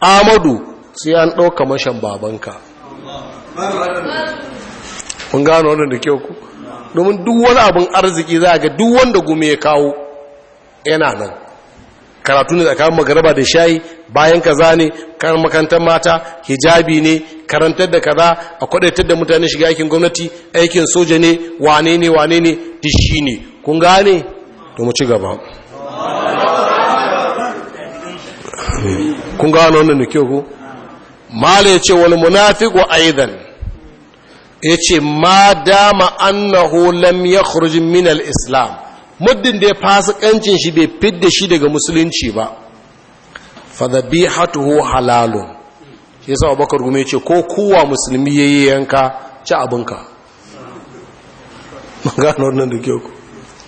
amadu sai an ɗauka mashan babanka kun gano wannan da kyau ku domin duk wani abin arziki za a ga duk wanda gume ya kawo yana nan karatu ne tsakanin magaraba da shayi bayan kaza ne kan makarantar mata hijabi ne karantar da kaza a kwadaitar da mutane shiga aikin gwamnati aikin soja ne wane ne wane ne dishi ne kun gane to mu ci gaba kun gane wannan da kyau ku mala ya ce wani munafiq wa aidan ya ce ma dama annahu lam ya min al-islam muddin da ya fasikancin shi bai fidda shi daga musulunci ba fadhabihatuhu halalun shi yasa Abubakar gume ce ko kowa musulmi yayi yanka ci abinka magana wannan da kyau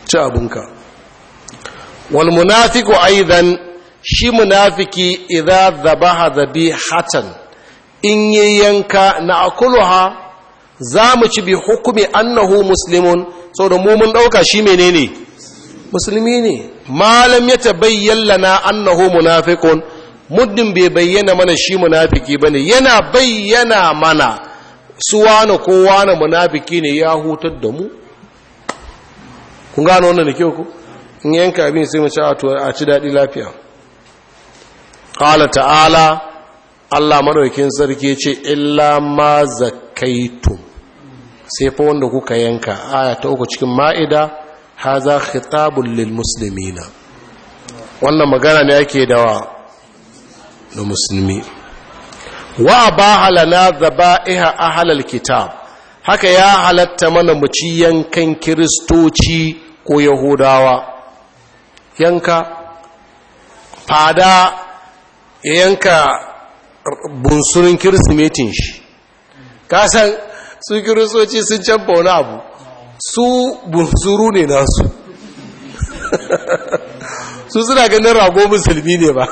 ci abinka wal munafiqu aidan shi munafiki idza dhabaha dhabihatan in yayi yanka na akuluha za mu ci bi hukumi annahu muslimun saboda mu mun dauka shi menene musulmi ne malam ya tabayyan lana annahu munafiqun muddin bai bayyana mana shi munafiki bane yana bayyana mana su wani ko wani munafiki ne ya hutar da mu kun gano wannan da kyau ku in yanka abin sai mu ci a ci daɗi lafiya qala ta'ala Allah madaukin sarki ce illa ma zakaitum sai fa wanda kuka yanka aya ta uku cikin ma'ida haza khitabun lil muslimina wannan magana ne ake dawa da musulmi wa ba halana zaba'iha ahlal kitab haka ya halatta mana mu yankan kiristoci ko yahudawa yanka fada ya yanka bunsurin kirsimetin shi kasan su kirisoci sun canfa wani abu su bunsuru ne nasu su suna ganin rago musulmi ne ba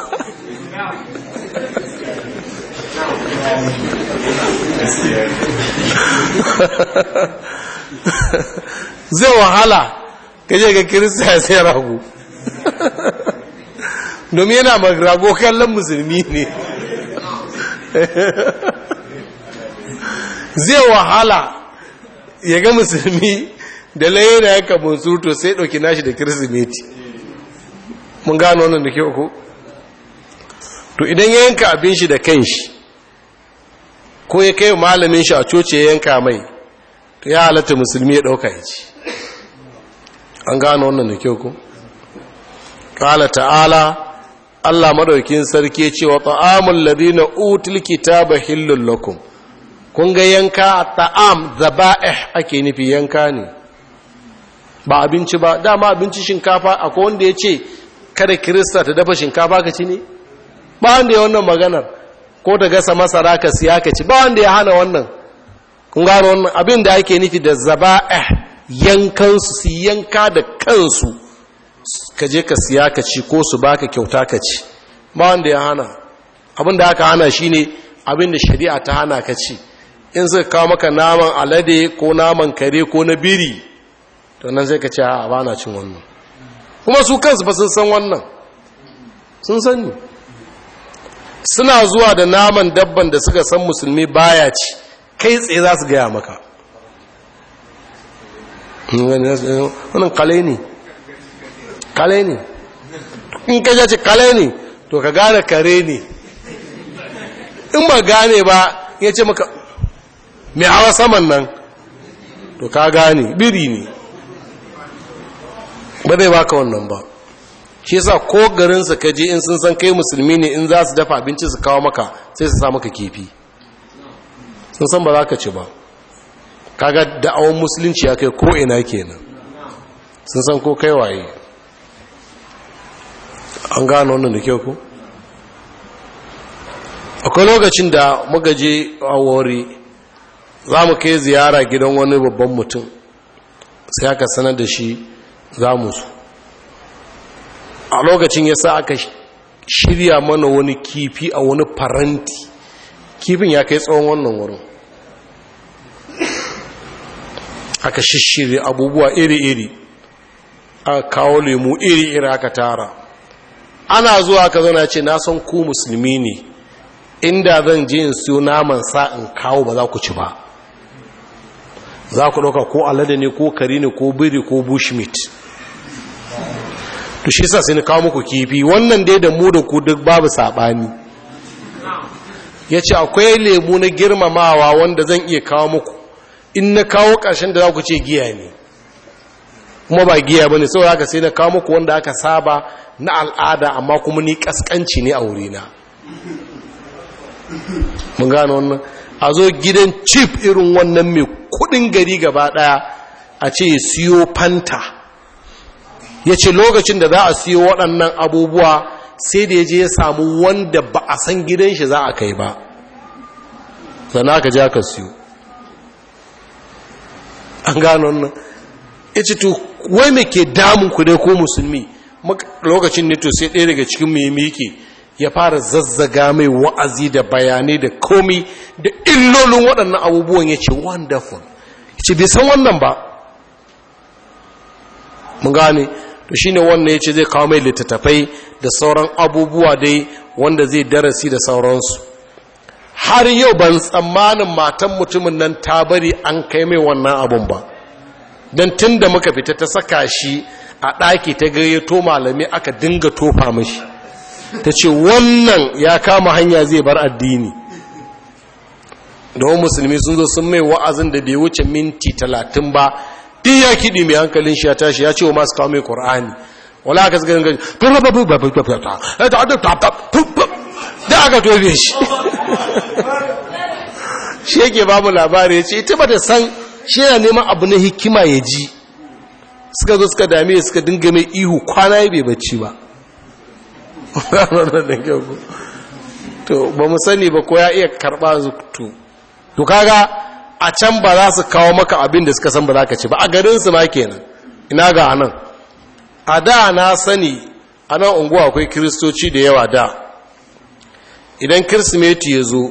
zai wahala je ga kirista ya sai rago domin yana rago kallon musulmi ne zai wahala ya ga musulmi da da ya kamun suto sai ɗauki nashi da kirsimeti mun gano wannan da ke uku to idan ya yanka abin shi da shi, ko ya kai malamin shi a coci ya yanka mai to ya halatta musulmi ya ɗauka ya ci an gano wannan da ke uku ƙala ta'ala Allah madaukin sarki cewa ta'amun ladina utul kitaba hillul lakum kun ga yanka a ta'am zaba'ih ake nufi yanka ne ba abinci ba dama abinci shinkafa akwai wanda ya ce kada kirista ta dafa shinkafa ka ci ne ba wanda ya wannan maganar ko ta gasa masara ka siya ka ci ba wanda ya hana wannan kun gano wannan abin da ake nufi da zaba'ih yankansu su yanka da kansu ka je ka siya ka ci ko su baka kyauta ka ci ba wanda ya hana abin da aka hana shine abin da shari'a ta hana ka ci in zai kawo maka naman alade ko naman kare ko na biri to nan zai ka ce a ba na cin wannan kuma su kansu ba sun san wannan sun sani suna zuwa da naman dabban da suka san musulmi baya ci kai tsaye za su gaya maka wannan kale ne kale ne in ka ce kale ne to ka gane kare ne in ba gane ba ya ce maka mai hawa saman nan to ka gane biri ne ba zai baka wannan ba shi yasa ko garinsa ka je in sun san kai musulmi ne in za su dafa abinci su kawo maka sai su sa maka kifi sun san ba za ka ci ba kaga da'awon musulunci ya kai ko ina kenan sun san ko kai waye an gano wannan da kyau ko akwai lokacin da muka a wari za mu kai ziyara gidan wani babban mutum sai aka sanar da shi za mu su a lokacin ya sa aka shirya mana wani kifi a wani faranti kifin ya kai tsawon wannan wurin aka shishirya abubuwa iri-iri aka kawo lemu iri-iri aka tara ana zuwa aka zana ce na san ku musulmi ne inda zan je in siyo naman sa in kawo ba za ku ci ba za ku ɗauka ko alade ne ko kari ne ko biri ko bushmit to shi sai ni kawo muku kifi wannan dai da mu da ku duk babu saɓani ya ce akwai lemu na girmamawa wanda zan iya kawo muku in na kawo ƙarshen da za ku ce giya ne kuma ba giya ba ne sau haka sai na kawo muku wanda aka saba na al'ada amma kuma ni ƙasƙanci ne a wurina mun gano wannan a zo gidan cif irin wannan mai kudin gari gaba daya a ce siyo fanta ya ce lokacin da za a siyo waɗannan abubuwa sai da ya je ya samu wanda ba a san gidan shi za a kai ba sana ka ja ka siyo an gano wannan ya ce to wai mai ke damun ku dai ko musulmi lokacin ne to sai ɗaya daga cikin mai miki. ya fara zazzaga mai wa'azi da bayanai da komi da illolin waɗannan abubuwan ya ce wonderful ce bai san wannan ba mun gane to shine wannan ya ce zai kawo mai littattafai da sauran abubuwa dai wanda zai darasi da sauransu har yau ban tsammanin matan mutumin nan ta bari an kai mai wannan abun ba don tun da muka fita ta saka shi a ɗaki ta gayyato malami aka dinga tofa mashi ta ce wannan ya kama hanya zai bar addini don musulmi sun zo sun mai wa'azin da bai wuce minti talatin ba din ya kiɗi mai hankalin shi ya tashi ya ce wa masu kawo mai ƙor'ani wala aka zagayen gaji da aka yake babu labari ya ita san shi yana neman abu na hikima ya ji suka zo suka dame suka dinga mai ihu kwana bai bacci ba da ku to ba mu sani ba ko ya iya karɓa zuktu to kaga a can ba za su kawo maka abin da suka san ba za ka ci ba a garinsu ma kenan ina ga anan a da na sani a nan unguwa akwai kiristoci da yawa da idan kirsimeti ya zo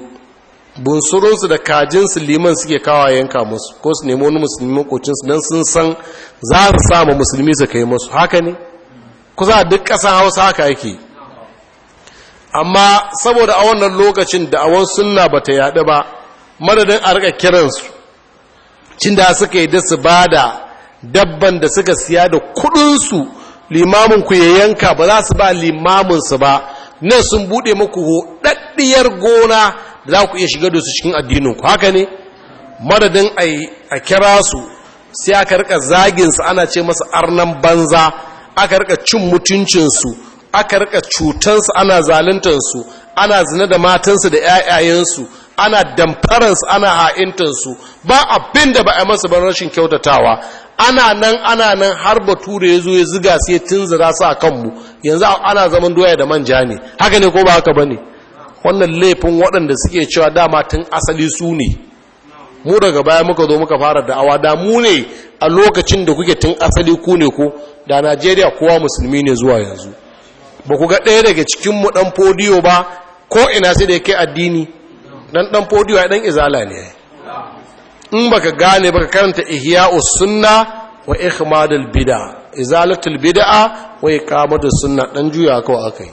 bunsurinsu da kajinsu liman suke kawo yanka musu ko su nemo wani musulmi makocinsu don sun san za su samu musulmi su kai musu haka ne kusa duk ƙasan hausa haka yake amma saboda a wannan lokacin da da'awar sunna ba ta yaɗu ba madadin a rika kiransu cin da suka yi da ba da dabban da suka siya da kudinsu limamin ku ya yanka ba za su ba limaminsu ba nan sun buɗe muku hoɗaɗɗiyar gona da za ku iya shiga da su cikin addininku haka ne madadin a kira su sai aka rika zaginsu ana ce masa arnan banza aka rika cin mutuncinsu aka rika cutansu ana zaluntansu ana zina da matansu da 'ya'yayensu ana damfaransu ana ha'intansu ba abin da ba a masu ban rashin kyautatawa ana nan ana nan har bature ya zo ya ziga sai tunzura su a kanmu yanzu ana zaman doya da manja ne haka ne ko ba haka ba ne wannan laifin waɗanda suke cewa dama tun asali su ne mu daga baya muka zo muka fara da'awa da mu ne a lokacin da kuke tun asali ku ne ko da najeriya kowa musulmi ne zuwa yanzu ba ku ga ɗaya daga cikinmu ɗan fodiyo ba ko ina sai da yake addini dan ɗan fodiyo ya ɗan izala ne in baka gane baka karanta ihya'us sunna wa ikhmadul bid'a izalatul bid'a wa iqamatus sunna dan juya aka akai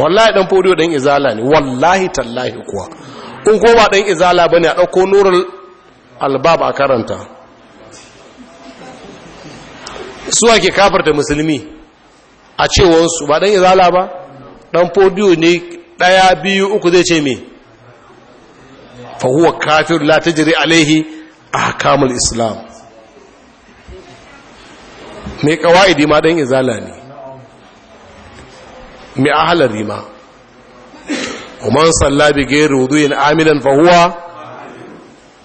wallahi dan fodiyo dan izala ne wallahi tallahi kuwa in ko ba dan izala bane a dauko nurul albab a karanta suwa ke kafarta musulmi a cewansu ba dan izala ba dan fodiyo ne daya biyu uku zai ce me fahuwa kafin kafir la alaihi a ahkamul islam mai kawaidi ma dan izala ne mai ahalari ma ومن صلى بغير وضوء عاملا فهو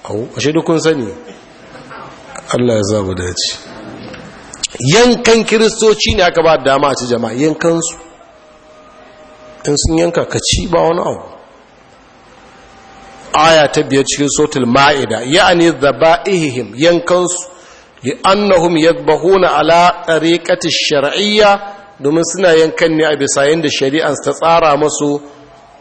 او اشهد كن سني da ya ce yankan kiristoci ne aka ba dama a ci jama'a yankansu in sun yanka ka ci ba wani abu aya ta biyar cikin sotul ma'ida ya'ani zaba'ihim yankansu li'annahum yadbahuna ala tariqati shar'iyya domin suna yankan ne a bisa yanda shari'an ta tsara masu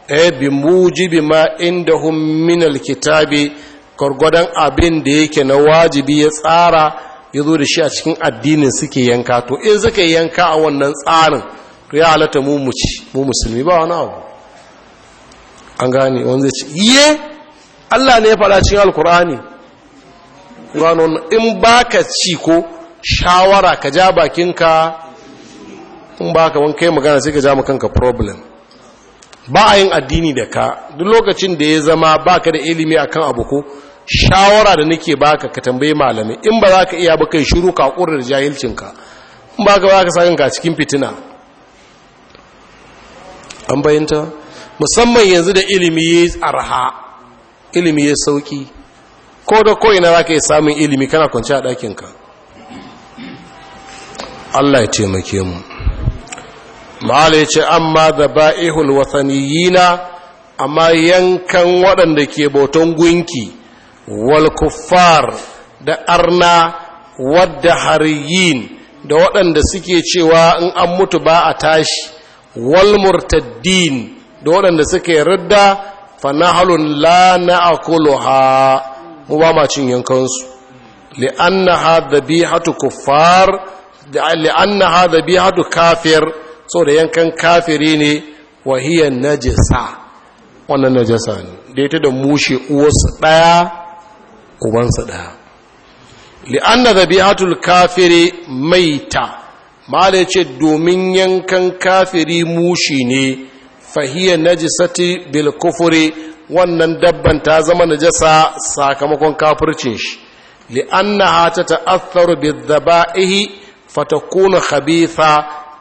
eh bi mujibi ma indahum min alkitabi gwargwadon abin da yake na wajibi ya tsara ya zo da shi a cikin addinin suke yanka to in suka yanka a wannan tsarin to ya halatta mu muci mu musulmi ba wani abu an gane wanda ce iye allah ne ya faɗa cikin alkur'ani gano in baka ci ko shawara ka ja bakinka in baka wani kai magana sai ka ja kanka problem ba a yin addini da ka duk lokacin da ya zama ba ka da ilimi akan abu ko shawara da nake baka ka tambayi malami in ba za ka iya ba kai shiru ka ƙurar jahilcinka in ba ka ba ka sakin ka cikin fitina an bayanta musamman yanzu da ilimi ya arha ilimi ya sauki ko da ko'ina za ka yi samun ilimi kana kwanci a ɗakinka allah ya taimake mu ma'ala ya ce amma da ba'ihul na, amma yankan waɗanda ke bautan gunki wal kuffar da arna wadda hariyin da waɗanda suke cewa in an mutu ba a tashi wal murtaddin da waɗanda suke ridda fanahalun la na'akuluha mu ba ma cin yankansu li'annaha dhabihatu kuffar li'annaha dhabihatu kafir so da yankan kafiri ne wa najasa wannan najasa ne da ita da mushe uwarsu ɗaya ubansa ɗaya li'anna zabi'atul kafiri maita mala ce domin yankan kafiri mushi ne fahiyar najisati bil kufuri wannan dabban ta zama najasa sakamakon kafircin shi li'annaha ta ta'atharu bi fatakuna fatakunu khabitha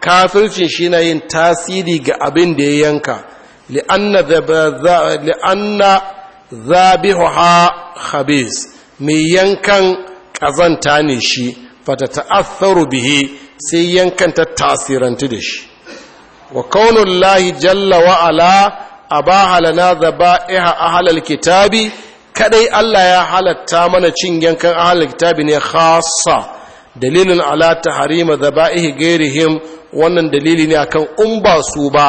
kafircin shi na yin tasiri ga abin da ya yanka li'anna ha khabis mai yankan ƙazanta ne shi fata ta'atharu bihi sai yankan ta tasirantu da shi wa kaunun lahi jalla wa'ala a ba halana zaba iha a halar kitabi kadai Allah ya halatta mana cin yankan a halar kitabi ne khasa dalilin ala ta harima zaba ihi gairihim wannan dalili ne akan in ba su ba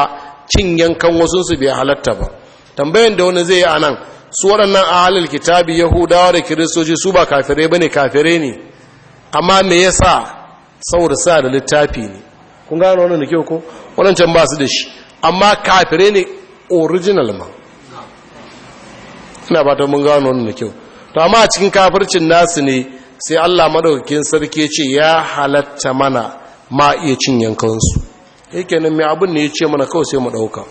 cin yankan wasu su bai halatta ba tambayan da wani zai yi a nan su waɗannan ahalil kitabi yahudawa da kiristoci su ba kafirai ne. kafirai ne amma me sa, saurin sa da littafi ne kun gano wani da kyau ko wadancan ba su da shi amma kafirai ne original ma ina ba ta mun gano wani da kyau to amma a cikin kafircin nasu ne sai Allah madaukakin sarki ce ya halatta mana ma iya cin yankansu yake nan mai abin ne ya ce mana kawai sai mu ɗauka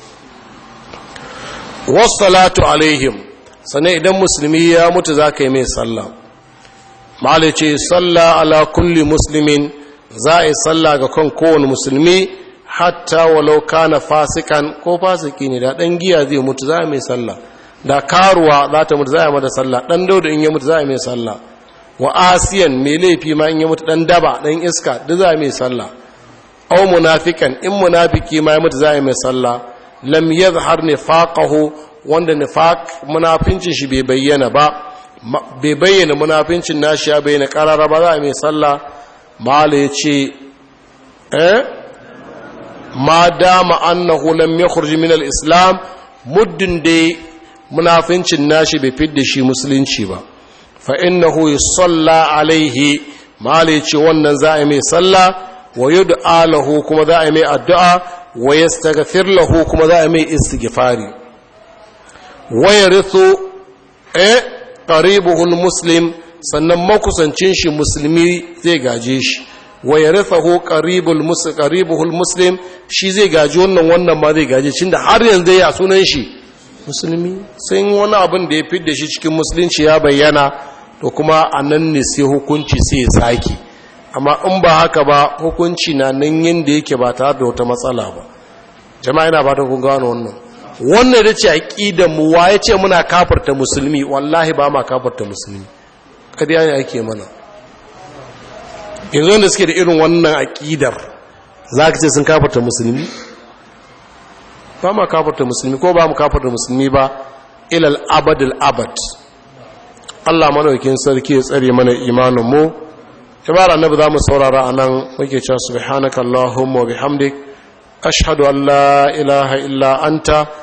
wasu salatu alaihim Sane idan musulmi ya mutu za ka yi mai sallah malice sallah ala kulli musulmin za a yi sallah ga kan kowane musulmi hatta walau kana fasikan ko fasiki ne da ɗan giya zai mutu za a mai sallah da karuwa za ta mutu za a mata sallah ɗan dauda in ya mutu za a mai sallah wa asiyan mai laifi ma in ya mutu ɗan daba ɗan iska duk za a mai sallah au munafikan in munafiki ma ya mutu za a mai sallah lam yadhhar nifaqahu wanda nifak munafincin shi bai bayyana ba bai bayyana munafincin nashi ya bayyana karara ba za a mai sallah mala ya ce eh ma dama annahu lam yakhruj min al-islam muddin dai munafincin nashi bai fidda shi musulunci ba fa innahu yusalla alaihi mala ya ce wannan za a mai sallah wa yud'a lahu kuma za a mai addu'a wa yastaghfir lahu kuma za a mai istighfari wayarithu eh qaribuhul muslim sannan makusancin shi musulmi zai gaje shi wayarithahu qaribul muslim muslim shi zai gaji wannan wannan ma zai gaje shi da har yanzu ya sunan shi musulmi sai wani abin da ya fi da shi cikin musulunci ya bayyana to kuma nan ne sai hukunci sai ya sake amma in ba haka ba hukunci na nan yanda yake ba tare da wata matsala ba jama'a yana fatan kun gano wannan wannan da ce aƙidan mu wa ya ce muna kafarta musulmi wallahi ba ma kafarta musulmi kariya ne ake mana yanzu wanda suke da irin wannan aƙidar za ka ce sun kafarta musulmi ba ma kafarta musulmi ko ba mu kafarta musulmi ba ilal abadil abad Allah manaukin sarki ya tsare mana imanin mu ibara annabi zamu saurara anan muke cewa subhanakallahumma wa bihamdik ashhadu an la ilaha illa anta